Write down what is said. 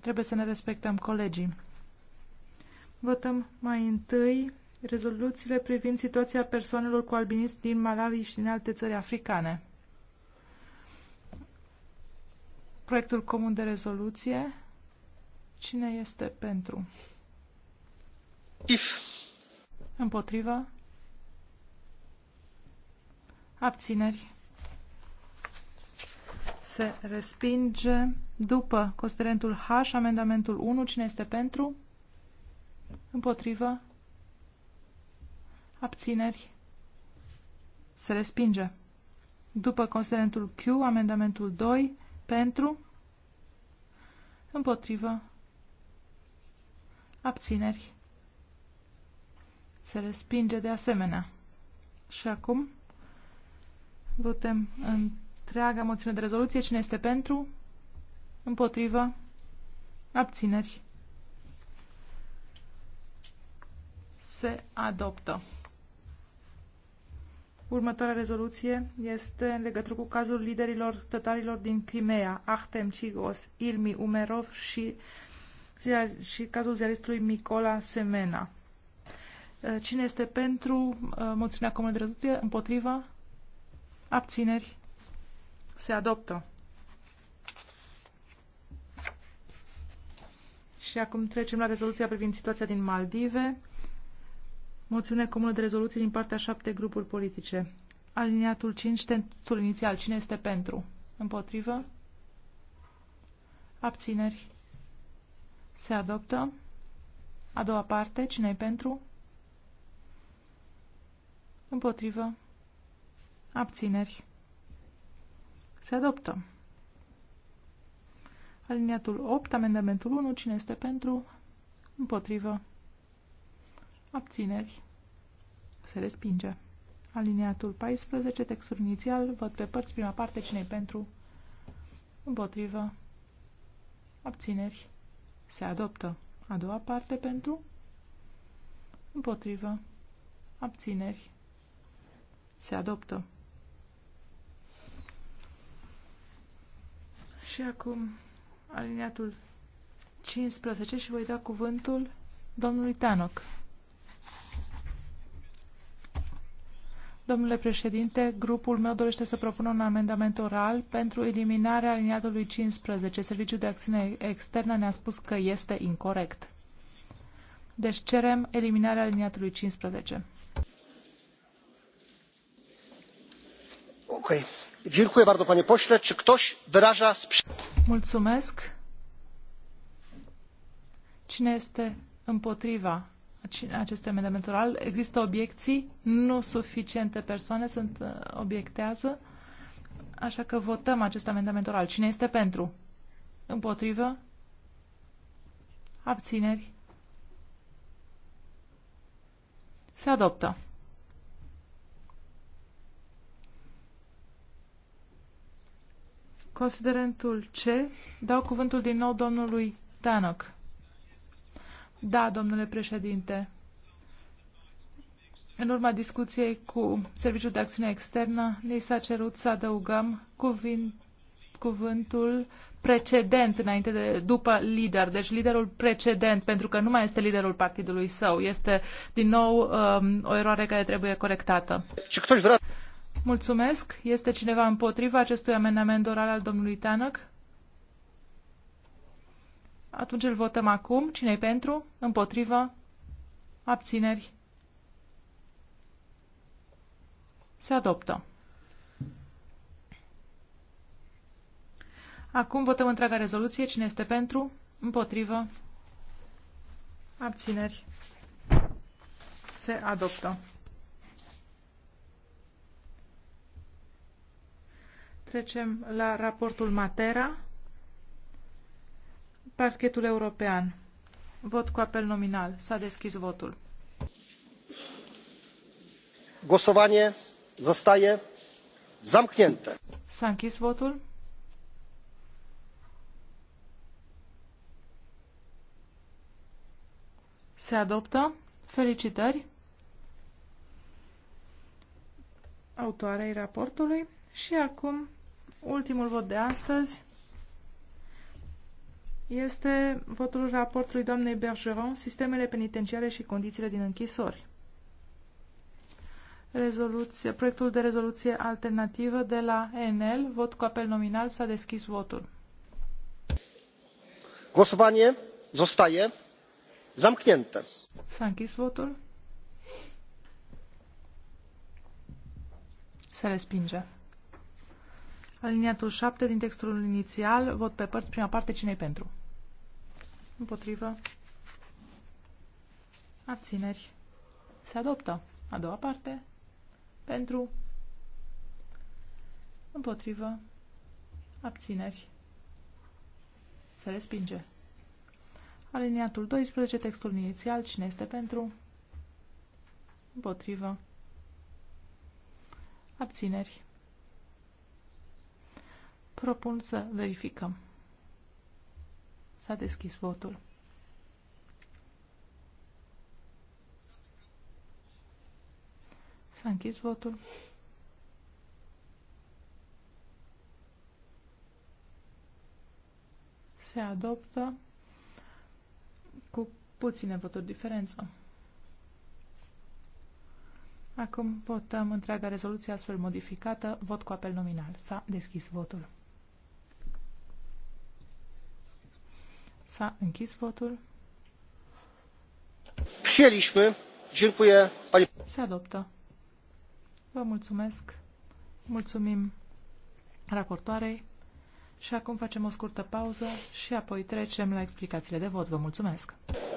Trebuie să ne respectăm colegii. Votăm mai întâi rezoluțiile privind situația persoanelor cu albinism din Malawi și din alte țări africane. Proiectul comun de rezoluție. Cine este pentru? If. Împotrivă. Abțineri. Se respinge. După considerentul H, amendamentul 1, cine este pentru? Împotrivă? Abțineri? Se respinge. După considerentul Q, amendamentul 2, pentru? Împotrivă? Abțineri? Se respinge de asemenea. Și acum votăm întreaga moțiune de rezoluție. Cine este pentru? Împotrivă. Abțineri. Se adoptă. Următoarea rezoluție este în legătură cu cazul liderilor tătarilor din Crimea, Ahtem Cigos, Ilmi Umerov și, și cazul ziaristului Micola Semena. Uh, cine este pentru uh, moțiunea comună de rezoluție? Împotriva? Abțineri? Se adoptă. Și acum trecem la rezoluția privind situația din Maldive. Moțiune comună de rezoluție din partea șapte grupuri politice. Aliniatul 5, textul inițial. Cine este pentru? Împotrivă? Abțineri? Se adoptă? A doua parte. Cine e pentru? Împotrivă? Abțineri? Se adoptă. Aliniatul 8, amendamentul 1, cine este pentru? Împotrivă. Abțineri. Se respinge. Aliniatul 14, textul inițial, văd pe părți, prima parte, cine pentru? Împotrivă. Abțineri. Se adoptă. A doua parte pentru? Împotrivă. Abțineri. Se adoptă. Și acum aliniatul 15 și voi da cuvântul domnului Tanoc. Domnule președinte, grupul meu dorește să propună un amendament oral pentru eliminarea aliniatului 15. Serviciul de acțiune externă ne-a spus că este incorrect. Deci cerem eliminarea aliniatului 15. domnule președinte mulțumesc cine este împotriva acestui amendament oral există obiecții nu suficiente persoane sunt uh, obiectează așa că votăm acest amendament oral cine este pentru împotrivă abțineri se adoptă Considerentul C, dau cuvântul din nou domnului Tanok. Da, domnule președinte. În urma discuției cu Serviciul de Acțiune Externă, ni s-a cerut să adăugăm cuvint, cuvântul precedent înainte de, după lider, deci liderul precedent, pentru că nu mai este liderul partidului său. Este din nou um, o eroare care trebuie corectată. Mulțumesc. Este cineva împotriva acestui amendament oral al domnului Tanăc? Atunci îl votăm acum. cine pentru? Împotrivă? Abțineri? Se adoptă. Acum votăm întreaga rezoluție. Cine este pentru? Împotrivă? Abțineri? Se adoptă. Trecem la raportul Matera. Parchetul european. Vot cu apel nominal. S-a deschis votul. Głosowanie zostaje zamknięte. S-a închis votul. Se adoptă. Felicitări autoarei raportului și acum Ultimul vot de astăzi este votul raportului doamnei Bergeron, sistemele penitenciare și condițiile din închisori. Rezoluție, proiectul de rezoluție alternativă de la NL vot cu apel nominal, s-a deschis votul. Głosowanie zostaje zamknięte. S-a închis votul. Se respinge. Aliniatul 7 din textul inițial, vot pe părți, prima parte, cine pentru? Împotrivă. Abțineri. Se adoptă. A doua parte. Pentru. Împotrivă. Abțineri. Se respinge. Aliniatul 12, textul inițial, cine este pentru? Împotrivă. Abțineri. Propun să verificăm. S-a deschis votul. S-a închis votul. Se adoptă cu puține voturi diferență. Acum votăm întreaga rezoluție astfel modificată. Vot cu apel nominal. S-a deschis votul. S-a închis votul. Se adoptă. Vă mulțumesc. Mulțumim raportoarei. Și acum facem o scurtă pauză și apoi trecem la explicațiile de vot. Vă mulțumesc.